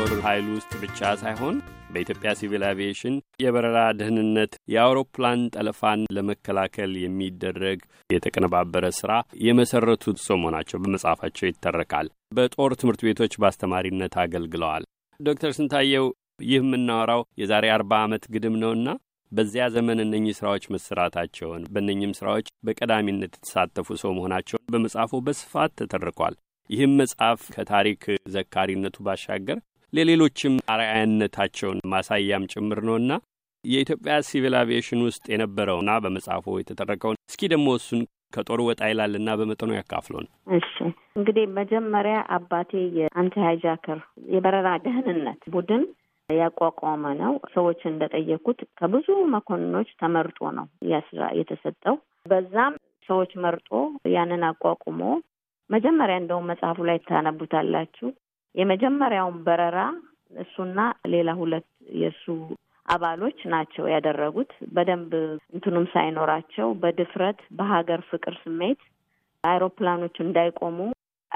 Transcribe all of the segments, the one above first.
ጦር ኃይል ውስጥ ብቻ ሳይሆን በኢትዮጵያ ሲቪል አቪዬሽን የበረራ ደህንነት የአውሮፕላን ጠለፋን ለመከላከል የሚደረግ የተቀነባበረ ስራ የመሰረቱ ሰው መሆናቸው በመጽሐፋቸው ይተረካል። በጦር ትምህርት ቤቶች በአስተማሪነት አገልግለዋል። ዶክተር ስንታየው ይህ የምናወራው የዛሬ አርባ ዓመት ግድም ነውና በዚያ ዘመን እነኚህ ስራዎች መሰራታቸውን በእነኝም ስራዎች በቀዳሚነት የተሳተፉ ሰው መሆናቸውን በመጽሐፉ በስፋት ተተርኳል። ይህም መጽሐፍ ከታሪክ ዘካሪነቱ ባሻገር ለሌሎችም አርአያነታቸውን ማሳያም ጭምር ነውና የኢትዮጵያ ሲቪል አቪዬሽን ውስጥ የነበረውና በመጽሐፎ የተጠረቀውን እስኪ ደግሞ እሱን ከጦር ወጣ ይላልና በመጠኑ ያካፍሉን። እሺ እንግዲህ መጀመሪያ አባቴ የአንቲ ሃይጃከር የበረራ ደህንነት ቡድን ያቋቋመ ነው። ሰዎች እንደጠየኩት ከብዙ መኮንኖች ተመርጦ ነው ያስራ የተሰጠው። በዛም ሰዎች መርጦ ያንን አቋቁሞ መጀመሪያ እንደውም መጽሐፉ ላይ ታነቡታላችሁ የመጀመሪያውን በረራ እሱና ሌላ ሁለት የእሱ አባሎች ናቸው ያደረጉት። በደንብ እንትኑም ሳይኖራቸው በድፍረት በሀገር ፍቅር ስሜት አይሮፕላኖቹ እንዳይቆሙ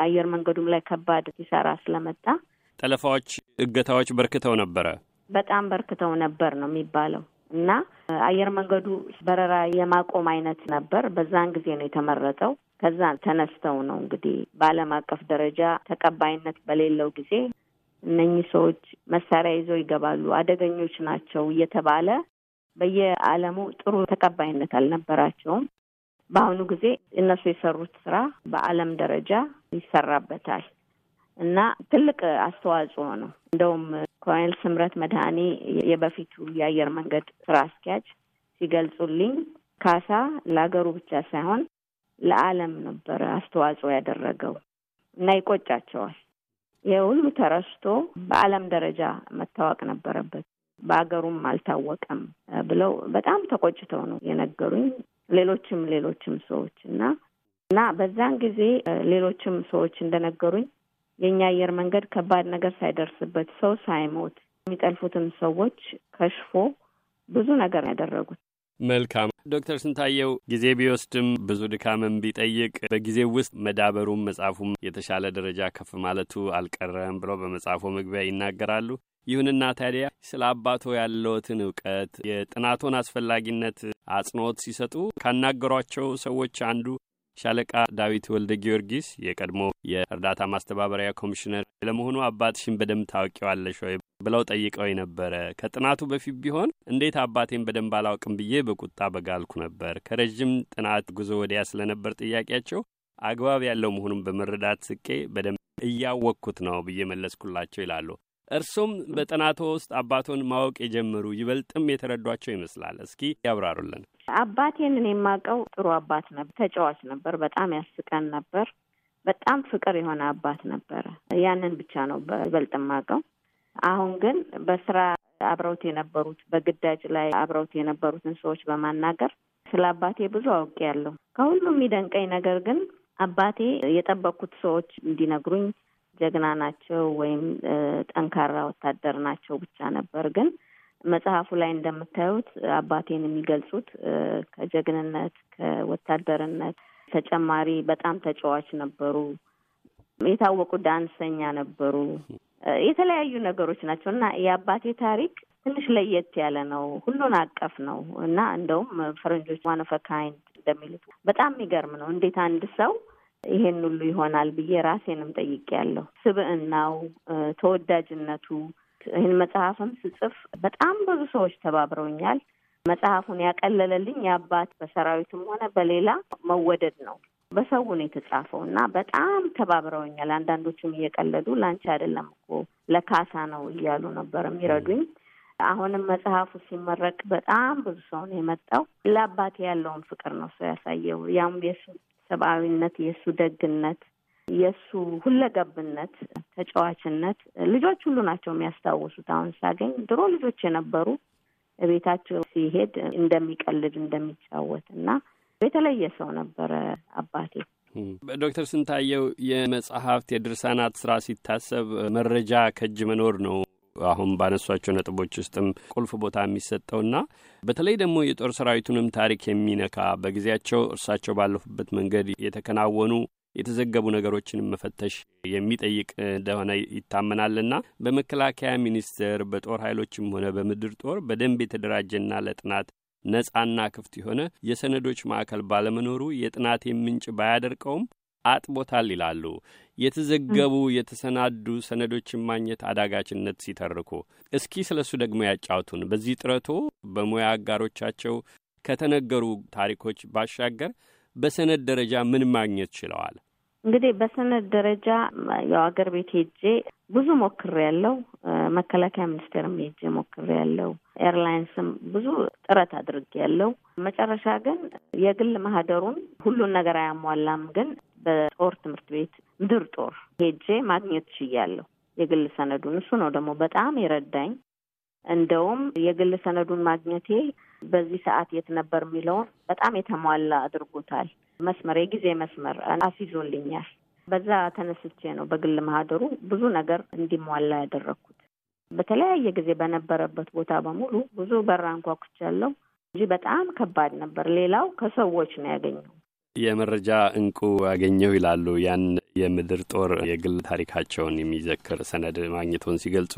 አየር መንገዱም ላይ ከባድ ሲሰራ ስለመጣ ጠለፋዎች፣ እገታዎች በርክተው ነበረ። በጣም በርክተው ነበር ነው የሚባለው እና አየር መንገዱ በረራ የማቆም አይነት ነበር። በዛን ጊዜ ነው የተመረጠው። ከዛ ተነስተው ነው እንግዲህ በዓለም አቀፍ ደረጃ ተቀባይነት በሌለው ጊዜ እነኚህ ሰዎች መሳሪያ ይዘው ይገባሉ፣ አደገኞች ናቸው እየተባለ በየዓለሙ ጥሩ ተቀባይነት አልነበራቸውም። በአሁኑ ጊዜ እነሱ የሰሩት ስራ በዓለም ደረጃ ይሰራበታል እና ትልቅ አስተዋጽኦ ነው። እንደውም ኮሎኔል ስምረት መድኃኔ የበፊቱ የአየር መንገድ ስራ አስኪያጅ ሲገልጹልኝ ካሳ ለሀገሩ ብቻ ሳይሆን ለዓለም ነበረ አስተዋጽኦ ያደረገው እና ይቆጫቸዋል። ይህ ሁሉ ተረስቶ በዓለም ደረጃ መታወቅ ነበረበት፣ በአገሩም አልታወቀም ብለው በጣም ተቆጭተው ነው የነገሩኝ። ሌሎችም ሌሎችም ሰዎች እና እና በዛን ጊዜ ሌሎችም ሰዎች እንደነገሩኝ የእኛ አየር መንገድ ከባድ ነገር ሳይደርስበት ሰው ሳይሞት የሚጠልፉትን ሰዎች ከሽፎ ብዙ ነገር ያደረጉት መልካም ዶክተር ስንታየው ጊዜ ቢወስድም ብዙ ድካምን ቢጠይቅ በጊዜ ውስጥ መዳበሩም መጽሐፉም የተሻለ ደረጃ ከፍ ማለቱ አልቀረም ብለው በመጽሐፎ መግቢያ ይናገራሉ። ይሁንና ታዲያ ስለ አባቶ ያለዎትን እውቀት የጥናቶን አስፈላጊነት አጽንኦት ሲሰጡ ካናገሯቸው ሰዎች አንዱ ሻለቃ ዳዊት ወልደ ጊዮርጊስ የቀድሞ የእርዳታ ማስተባበሪያ ኮሚሽነር፣ ለመሆኑ አባትሽን በደንብ ታውቂዋለሽ ወይ? ብለው ጠይቀው ነበረ ከጥናቱ በፊት ቢሆን እንዴት አባቴን በደንብ አላውቅም ብዬ በቁጣ በጋልኩ ነበር። ከረዥም ጥናት ጉዞ ወዲያ ስለነበር ጥያቄያቸው አግባብ ያለው መሆኑን በመረዳት ስቄ በደንብ እያወቅኩት ነው ብዬ መለስኩላቸው ይላሉ። እርሱም በጥናቶ ውስጥ አባቶን ማወቅ የጀመሩ ይበልጥም የተረዷቸው ይመስላል። እስኪ ያብራሩልን። አባቴን እኔ የማውቀው ጥሩ አባት ነበር። ተጫዋች ነበር። በጣም ያስቀን ነበር። በጣም ፍቅር የሆነ አባት ነበረ። ያንን ብቻ ነው በይበልጥ የማውቀው። አሁን ግን በስራ አብረውት የነበሩት በግዳጅ ላይ አብረውት የነበሩትን ሰዎች በማናገር ስለ አባቴ ብዙ አውቄያለሁ። ከሁሉም የሚደንቀኝ ነገር ግን አባቴ የጠበቅኩት ሰዎች እንዲነግሩኝ ጀግና ናቸው ወይም ጠንካራ ወታደር ናቸው ብቻ ነበር። ግን መጽሐፉ ላይ እንደምታዩት አባቴን የሚገልጹት ከጀግንነት ከወታደርነት ተጨማሪ በጣም ተጫዋች ነበሩ። የታወቁ ዳንሰኛ ነበሩ። የተለያዩ ነገሮች ናቸው እና የአባቴ ታሪክ ትንሽ ለየት ያለ ነው። ሁሉን አቀፍ ነው እና እንደውም ፈረንጆች ዋን ኦፍ ካይንድ እንደሚሉት በጣም የሚገርም ነው። እንዴት አንድ ሰው ይሄን ሁሉ ይሆናል ብዬ ራሴንም ጠይቄያለሁ። ስብዕናው፣ ተወዳጅነቱ ይህን መጽሐፍም ስጽፍ በጣም ብዙ ሰዎች ተባብረውኛል። መጽሐፉን ያቀለለልኝ የአባት በሰራዊትም ሆነ በሌላ መወደድ ነው። በሰው ነው የተጻፈው እና በጣም ተባብረውኛል። አንዳንዶቹም እየቀለዱ ላንቺ አይደለም እኮ ለካሳ ነው እያሉ ነበር የሚረዱኝ። አሁንም መጽሐፉ ሲመረቅ በጣም ብዙ ሰው ነው የመጣው። ለአባቴ ያለውን ፍቅር ነው ሰው ያሳየው። ያም የእሱ ሰብአዊነት፣ የእሱ ደግነት፣ የእሱ ሁለገብነት፣ ተጫዋችነት ልጆች ሁሉ ናቸው የሚያስታውሱት። አሁን ሳገኝ ድሮ ልጆች የነበሩ ቤታቸው ሲሄድ እንደሚቀልድ እንደሚጫወት እና የተለየ ሰው ነበረ አባቴ። ዶክተር ስንታየው የመጽሐፍት የድርሳናት ስራ ሲታሰብ መረጃ ከእጅ መኖር ነው አሁን ባነሷቸው ነጥቦች ውስጥም ቁልፍ ቦታ የሚሰጠውና በተለይ ደግሞ የጦር ሰራዊቱንም ታሪክ የሚነካ በጊዜያቸው እርሳቸው ባለፉበት መንገድ የተከናወኑ የተዘገቡ ነገሮችን መፈተሽ የሚጠይቅ እንደሆነ ይታመናልና በመከላከያ ሚኒስቴር በጦር ኃይሎችም ሆነ በምድር ጦር በደንብ የተደራጀና ለጥናት ነጻና ክፍት የሆነ የሰነዶች ማዕከል ባለመኖሩ የጥናት ምንጭ ባያደርቀውም አጥቦታል ይላሉ። የተዘገቡ የተሰናዱ ሰነዶችን ማግኘት አዳጋችነት ሲተርኩ፣ እስኪ ስለ እሱ ደግሞ ያጫውቱን። በዚህ ጥረቶ በሙያ አጋሮቻቸው ከተነገሩ ታሪኮች ባሻገር በሰነድ ደረጃ ምን ማግኘት ችለዋል? እንግዲህ በሰነድ ደረጃ ያው አገር ቤት ሄጄ ብዙ ያለው መከላከያ ሚኒስቴርም ሄጄ ያለው ኤርላይንስም ብዙ ጥረት ያለው መጨረሻ ግን የግል ማህደሩን ሁሉን ነገር አያሟላም፣ ግን በጦር ትምህርት ቤት ምድር ጦር ሄጄ ማግኘት ችያለሁ የግል ሰነዱን። እሱ ነው ደግሞ በጣም የረዳኝ። እንደውም የግል ሰነዱን ማግኘቴ በዚህ ሰዓት የት ነበር የሚለውን በጣም የተሟላ አድርጎታል። መስመር የጊዜ መስመር አስይዞልኛል። በዛ ተነስቼ ነው በግል ማህደሩ ብዙ ነገር እንዲሟላ ያደረግኩት። በተለያየ ጊዜ በነበረበት ቦታ በሙሉ ብዙ በር አንኳኩቻለሁ እንጂ በጣም ከባድ ነበር። ሌላው ከሰዎች ነው ያገኘው የመረጃ እንቁ ያገኘው ይላሉ ያን የምድር ጦር የግል ታሪካቸውን የሚዘክር ሰነድ ማግኘቱን ሲገልጹ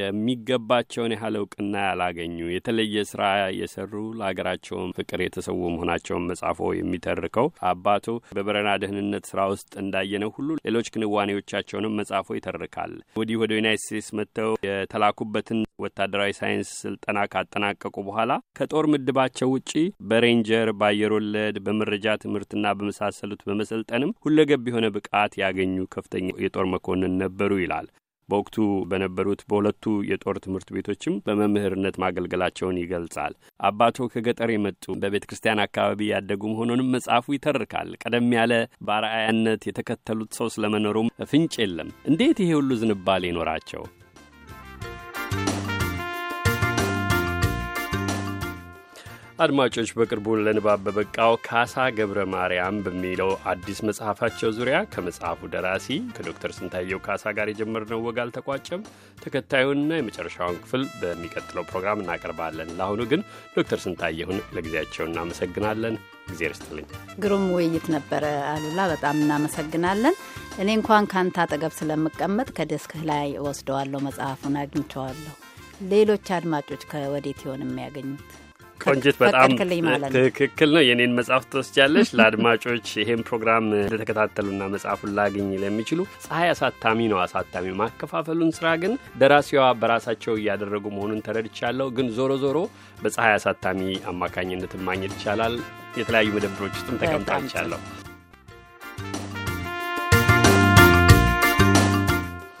የሚገባቸውን ያህል እውቅና ያላገኙ የተለየ ስራ የሰሩ ለሀገራቸውን ፍቅር የተሰዉ መሆናቸውን መጻፎ የሚተርከው አባቱ በበረና ደህንነት ስራ ውስጥ እንዳየነው ሁሉ ሌሎች ክንዋኔዎቻቸውንም መጻፎ ይተርካል። ወዲህ ወደ ዩናይት ስቴትስ መጥተው የተላኩበትን ወታደራዊ ሳይንስ ስልጠና ካጠናቀቁ በኋላ ከጦር ምድባቸው ውጪ በሬንጀር፣ በአየር ወለድ፣ በመረጃ ትምህርት በትምህርትና በመሳሰሉት በመሰልጠንም ሁለገብ የሆነ ብቃት ያገኙ ከፍተኛ የጦር መኮንን ነበሩ ይላል። በወቅቱ በነበሩት በሁለቱ የጦር ትምህርት ቤቶችም በመምህርነት ማገልገላቸውን ይገልጻል። አባቶ ከገጠር የመጡ በቤተ ክርስቲያን አካባቢ ያደጉ መሆኑንም መጽሐፉ ይተርካል። ቀደም ያለ በአርአያነት የተከተሉት ሰው ስለመኖሩም ፍንጭ የለም። እንዴት ይሄ ሁሉ ዝንባሌ ይኖራቸው? አድማጮች በቅርቡ ለንባብ በበቃው ካሳ ገብረ ማርያም በሚለው አዲስ መጽሐፋቸው ዙሪያ ከመጽሐፉ ደራሲ ከዶክተር ስንታየው ካሳ ጋር የጀመርነው ወግ አልተቋጨም። ተከታዩንና የመጨረሻውን ክፍል በሚቀጥለው ፕሮግራም እናቀርባለን። ለአሁኑ ግን ዶክተር ስንታየሁን ለጊዜያቸው እናመሰግናለን። ጊዜ ርስትልኝ ግሩም ውይይት ነበረ አሉላ፣ በጣም እናመሰግናለን። እኔ እንኳን ካንተ አጠገብ ስለምቀመጥ ከደስክህ ላይ ወስደዋለሁ፣ መጽሐፉን አግኝቸዋለሁ። ሌሎች አድማጮች ከወዴት ይሆን የሚያገኙት? ቆንጅት በጣም ትክክል ነው። የኔን መጽሐፍ ትወስጃለሽ። ለአድማጮች ይሄን ፕሮግራም እንደተከታተሉና መጽሐፉን ላገኝ ለሚችሉ ፀሐይ አሳታሚ ነው አሳታሚ ማከፋፈሉን ስራ ግን ደራሲዋ በራሳቸው እያደረጉ መሆኑን ተረድቻለሁ። ግን ዞሮ ዞሮ በፀሐይ አሳታሚ አማካኝነት ማግኘት ይቻላል። የተለያዩ መደብሮች ውስጥም ተቀምጣ ይቻለሁ።